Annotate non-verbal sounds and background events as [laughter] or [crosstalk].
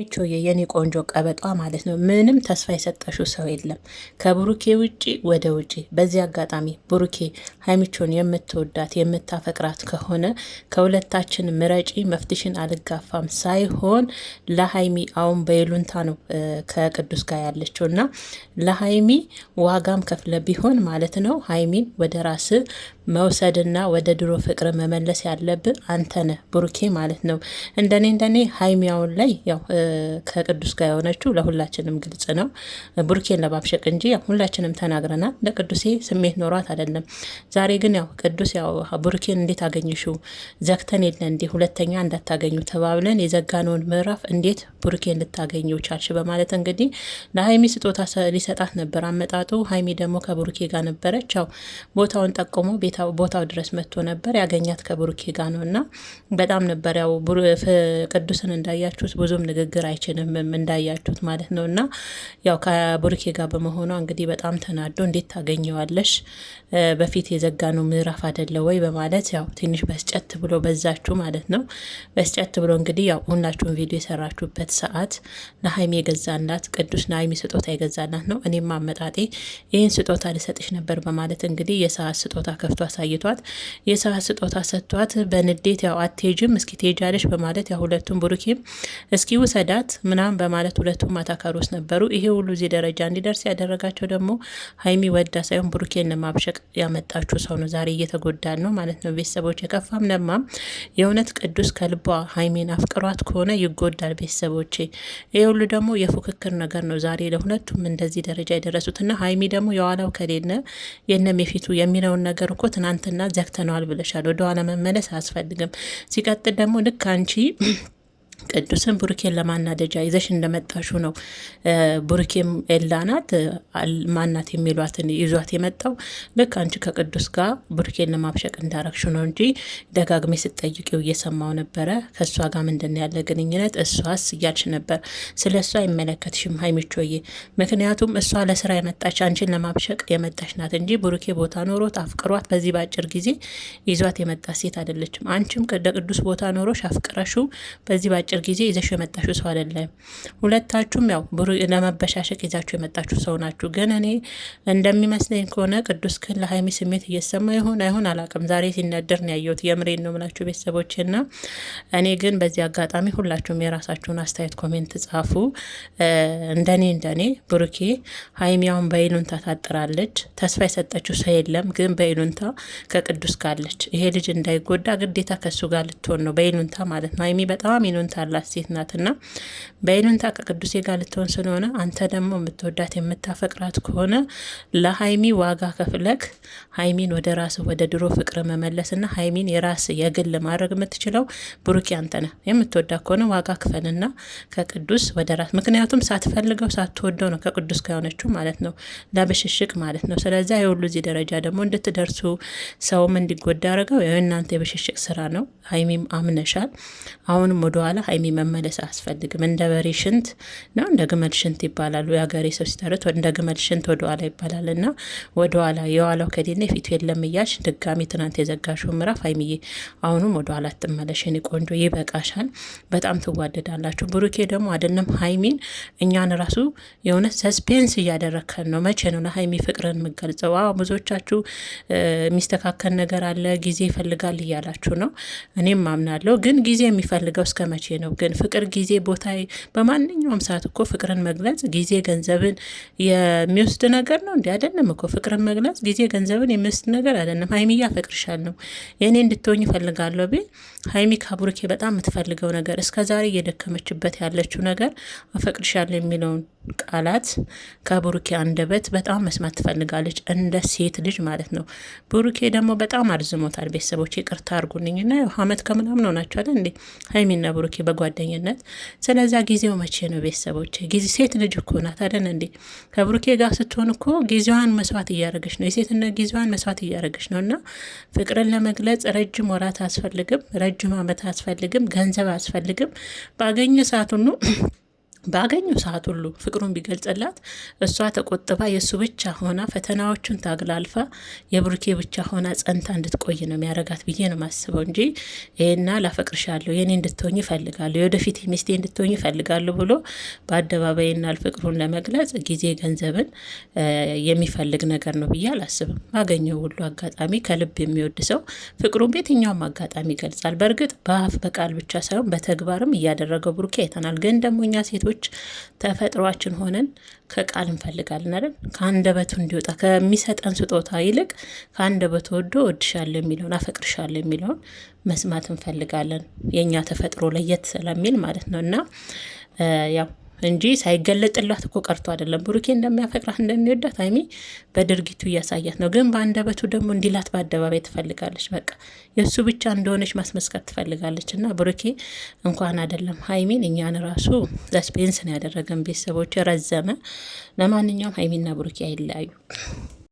ሚቾዬ የኔ ቆንጆ ቀበጧ ማለት ነው። ምንም ተስፋ የሰጠሽው ሰው የለም ከብሩኬ ውጪ ወደ ውጪ። በዚህ አጋጣሚ ብሩኬ ሀይሚቾን የምትወዳት የምታፈቅራት ከሆነ ከሁለታችን ምረጪ፣ መፍትሽን አልጋፋም ሳይሆን ለሀይሚ አሁን በይሉንታ ነው ከቅዱስ ጋር ያለችው እና ለሀይሚ ዋጋም ከፍለ ቢሆን ማለት ነው ሀይሚን ወደ ራስ መውሰድና ወደ ድሮ ፍቅር መመለስ ያለብ አንተነ ብሩኬ ማለት ነው። እንደኔ እንደኔ ሀይሚ አሁን ላይ ያው ከቅዱስ ጋር የሆነችው ለሁላችንም ግልጽ ነው። ቡርኬን ለማብሸቅ እንጂ ሁላችንም ተናግረናል። ለቅዱሴ ስሜት ኖሯት አይደለም። ዛሬ ግን ያው ቅዱስ ያው ቡርኬን እንዴት አገኘሽው? ዘግተን የለ እንዴ? ሁለተኛ እንዳታገኙ ተባብለን የዘጋነውን ምዕራፍ እንዴት ቡርኬን ልታገኘው ቻልሽ? በማለት እንግዲህ ለሀይሚ ስጦታ ሊሰጣት ነበር አመጣጡ። ሀይሚ ደግሞ ከቡርኬ ጋር ነበረች። ያው ቦታውን ጠቁሞ ቦታው ድረስ መጥቶ ነበር ያገኛት ከቡርኬ ጋር ነው እና በጣም ነበር ያው ቅዱስን እንዳያችሁት ብዙም ንግግር ሊናገር አይችልም እንዳያችሁት ማለት ነው። እና ያው ከብሩኬ ጋር በመሆኗ እንግዲህ በጣም ተናዶ እንዴት ታገኘዋለሽ በፊት የዘጋ ነው ምዕራፍ አደለ ወይ በማለት ያው ትንሽ በስጨት ብሎ በዛችሁ ማለት ነው። በስጨት ብሎ እንግዲህ ያው ሁላችሁን ቪዲዮ የሰራችሁበት ሰዓት ለሀይሚ የገዛናት ቅዱስ ለሀይሚ ስጦታ የገዛናት ነው። እኔም አመጣጤ ይህን ስጦታ ልሰጥሽ ነበር በማለት እንግዲህ የሰዓት ስጦታ ከፍቶ አሳይቷት የሰዓት ስጦታ ሰጥቷት በንዴት ያው አትሄጂም እስኪ ትሄጃለሽ በማለት ያው ሁለቱም ብሩኬም እስኪ ውሰ ክፈዳት ምናም በማለት ሁለቱ ሁለቱም ውስጥ ነበሩ። ይሄ ሁሉ እዚህ ደረጃ እንዲደርስ ያደረጋቸው ደግሞ ሀይሚ ወዳ ሳይሆን ብሩኬን ለማብሸቅ ያመጣችሁ ሰው ነው። ዛሬ እየተጎዳን ነው ማለት ነው ቤተሰቦች። የከፋም ለማም የእውነት ቅዱስ ከልቧ ሀይሜን አፍቅሯት ከሆነ ይጎዳል ቤተሰቦቼ። ይሄ ሁሉ ደግሞ የፉክክር ነገር ነው ዛሬ ለሁለቱም እንደዚህ ደረጃ የደረሱት እና ሀይሚ ደግሞ የኋላው ከሌለ የነም የፊቱ የሚለውን ነገር እኮ ትናንትና ዘግተነዋል ብለሻል። ወደኋላ መመለስ አያስፈልግም። ሲቀጥል ደግሞ ልክ አንቺ ቅዱስን ብሩኬን ለማናደጃ ይዘሽ እንደመጣሹ ነው። ብሩኬም ኤላናት ማናት የሚሏትን ይዟት የመጣው ልክ አንቺ ከቅዱስ ጋር ብሩኬን ለማብሸቅ እንዳረግሹ ነው እንጂ ደጋግሜ ስጠይቂው እየሰማው ነበረ። ከእሷ ጋር ምንድን ያለ ግንኙነት እሷስ እያልሽ ነበር። ስለ እሷ አይመለከትሽም ሀይሚቾዬ። ምክንያቱም እሷ ለስራ የመጣች አንቺን ለማብሸቅ የመጣች ናት እንጂ ብሩኬ ቦታ ኖሮት አፍቅሯት በዚህ በአጭር ጊዜ ይዟት የመጣ ሴት አይደለችም። አንቺም ቅዱስ ቦታ ኖሮሽ አፍቅረሹ በዚህ በአጭር ጊዜ ይዘሽው የመጣችሁ ሰው አይደለም። ሁለታችሁም ያው ብሩ ለመበሻሸቅ ይዛችሁ የመጣችሁ ሰው ናችሁ። ግን እኔ እንደሚመስለኝ ከሆነ ቅዱስ ክን ለሀይሚ ስሜት እየሰማ ይሆን አይሆን አላውቅም። ዛሬ ሲነደር ነው ያየሁት። የምሬን ነው የምላችሁ ቤተሰቦች ና እኔ ግን በዚህ አጋጣሚ ሁላችሁም የራሳችሁን አስተያየት ኮሜንት ጻፉ። እንደኔ እንደኔ ብሩኬ ሀይሚያውን በይሉንታ ታጥራለች። ተስፋ የሰጠችው ሰው የለም፣ ግን በይሉንታ ከቅዱስ ጋለች። ይሄ ልጅ እንዳይጎዳ ግዴታ ከሱ ጋር ልትሆን ነው በይሉንታ ማለት ነው። ሀይሚ በጣም ይሉንታ ያላት ሴት ናትና በይሉንታ ከቅዱሴ ጋር ልትሆን ስለሆነ አንተ ደግሞ የምትወዳት የምታፈቅራት ከሆነ ለሀይሚ ዋጋ ከፍለክ ሀይሚን ወደ ራስ ወደ ድሮ ፍቅር መመለስና ሀይሚን የራስ የግል ማድረግ የምትችለው ብሩኬ አንተ ነህ። የምትወዳት ከሆነ ዋጋ ክፈልና ከቅዱስ ወደ ራስ ምክንያቱም ሳትፈልገው ሳትወደው ነው ከቅዱስ ከሆነችው ማለት ነው፣ ለብሽሽቅ ማለት ነው። ስለዚያ የሁሉ እዚህ ደረጃ ደግሞ እንድትደርሱ ሰውም እንዲጎዳ አድርገው የእናንተ የብሽሽቅ ስራ ነው። ሀይሚም አምነሻል። አሁንም ወደኋላ ሀይሚ መመለስ አያስፈልግም። እንደ በሬ ሽንት ነው እንደ ግመል ሽንት ይባላሉ። የሀገሬ ሰው ሲተረት እንደ ግመል ሽንት ወደኋላ ይባላል እና ወደኋላ የኋላው ከሌለ ፊቱ የለም እያልሽ ድጋሚ ትናንት የዘጋሽው ምዕራፍ ሀይሚዬ፣ አሁኑም ወደኋላ አትመለሽ የኔ ቆንጆ፣ ይበቃሻል። በጣም ትዋደዳላችሁ። ብሩኬ ደግሞ አይደለም ሀይሚን እኛን ራሱ የሆነ ሰስፔንስ እያደረከን ነው። መቼ ነው ለሀይሚ ፍቅርን የምገልጸው? አዎ ብዙዎቻችሁ የሚስተካከል ነገር አለ ጊዜ ይፈልጋል እያላችሁ ነው። እኔም ማምናለሁ፣ ግን ጊዜ የሚፈልገው እስከ መቼ ነው። ግን ፍቅር ጊዜ ቦታ፣ በማንኛውም ሰዓት እኮ ፍቅርን መግለጽ ጊዜ ገንዘብን የሚወስድ ነገር ነው። እንዲ አይደለም እኮ ፍቅርን መግለጽ ጊዜ ገንዘብን የሚወስድ ነገር አይደለም። ሀይሚ ነው የእኔ እንድትሆኝ ይፈልጋለሁ ቤ ሀይሚ ከብሩኬ በጣም የምትፈልገው ነገር እስከዛሬ እየደከመችበት ያለችው ነገር አፈቅርሻለሁ የሚለውን ቃላት ከብሩኬ አንደበት በጣም መስማት ትፈልጋለች፣ እንደ ሴት ልጅ ማለት ነው። ብሩኬ ደግሞ በጣም አርዝሞታል። ቤተሰቦች ይቅርታ አርጉልኝና አመት ከምናምን ሆናቸዋል እንዴ ሀይሚና ብሩኬ በጓደኝነት። ስለዛ ጊዜው መቼ ነው ቤተሰቦች? ጊዜ ሴት ልጅ እኮ ናት እንዴ? ከብሩኬ ጋር ስትሆን እኮ ጊዜዋን መስዋዕት እያደረገች ነው፣ የሴትነት ጊዜዋን መስዋዕት እያደረገች ነው። እና ፍቅርን ለመግለጽ ረጅም ወራት አስፈልግም ረጅም አመት አስፈልግም፣ ገንዘብ አስፈልግም ። ባገኘ ሰዓት ሁሉ [clears throat] ባገኙ ሰዓት ሁሉ ፍቅሩን ቢገልጽላት እሷ ተቆጥባ የእሱ ብቻ ሆና ፈተናዎቹን ታግላልፋ የብሩኬ ብቻ ሆና ጸንታ እንድትቆይ ነው የሚያረጋት ብዬ ነው ማስበው እንጂ ይህና ላፈቅርሻለሁ የኔ እንድትሆኝ ይፈልጋለሁ የወደፊት ሚስቴ እንድትሆኝ ይፈልጋለሁ ብሎ በአደባባይና ፍቅሩን ለመግለጽ ጊዜ ገንዘብን የሚፈልግ ነገር ነው ብዬ አላስብም። ባገኘው ሁሉ አጋጣሚ ከልብ የሚወድ ሰው ፍቅሩን በየትኛውም አጋጣሚ ይገልጻል። በእርግጥ በአፍ በቃል ብቻ ሳይሆን በተግባርም እያደረገው ብሩኬ አይተናል። ግን ደግሞ እኛ ሴቶች ወንዶች ተፈጥሯችን ሆነን ከቃል እንፈልጋለን አይደል? ከአንደበቱ እንዲወጣ ከሚሰጠን ስጦታ ይልቅ ከአንደበቱ ወዶ እወድሻለሁ የሚለውን አፈቅርሻለሁ የሚለውን መስማት እንፈልጋለን። የእኛ ተፈጥሮ ለየት ስለሚል ማለት ነው እና ያው እንጂ ሳይገለጥላት እኮ ቀርቶ አይደለም። ብሩኬ እንደሚያፈቅራት እንደሚወዳት ሀይሚ በድርጊቱ እያሳያት ነው። ግን በአንደበቱ ደግሞ እንዲላት በአደባባይ ትፈልጋለች። በቃ የእሱ ብቻ እንደሆነች ማስመስከር ትፈልጋለች። እና ብሩኬ እንኳን አይደለም ሀይሚን እኛን ራሱ ሰስፔንስ ነው ያደረገን። ቤተሰቦች ረዘመ። ለማንኛውም ሀይሚና ብሩኬ አይለያዩ።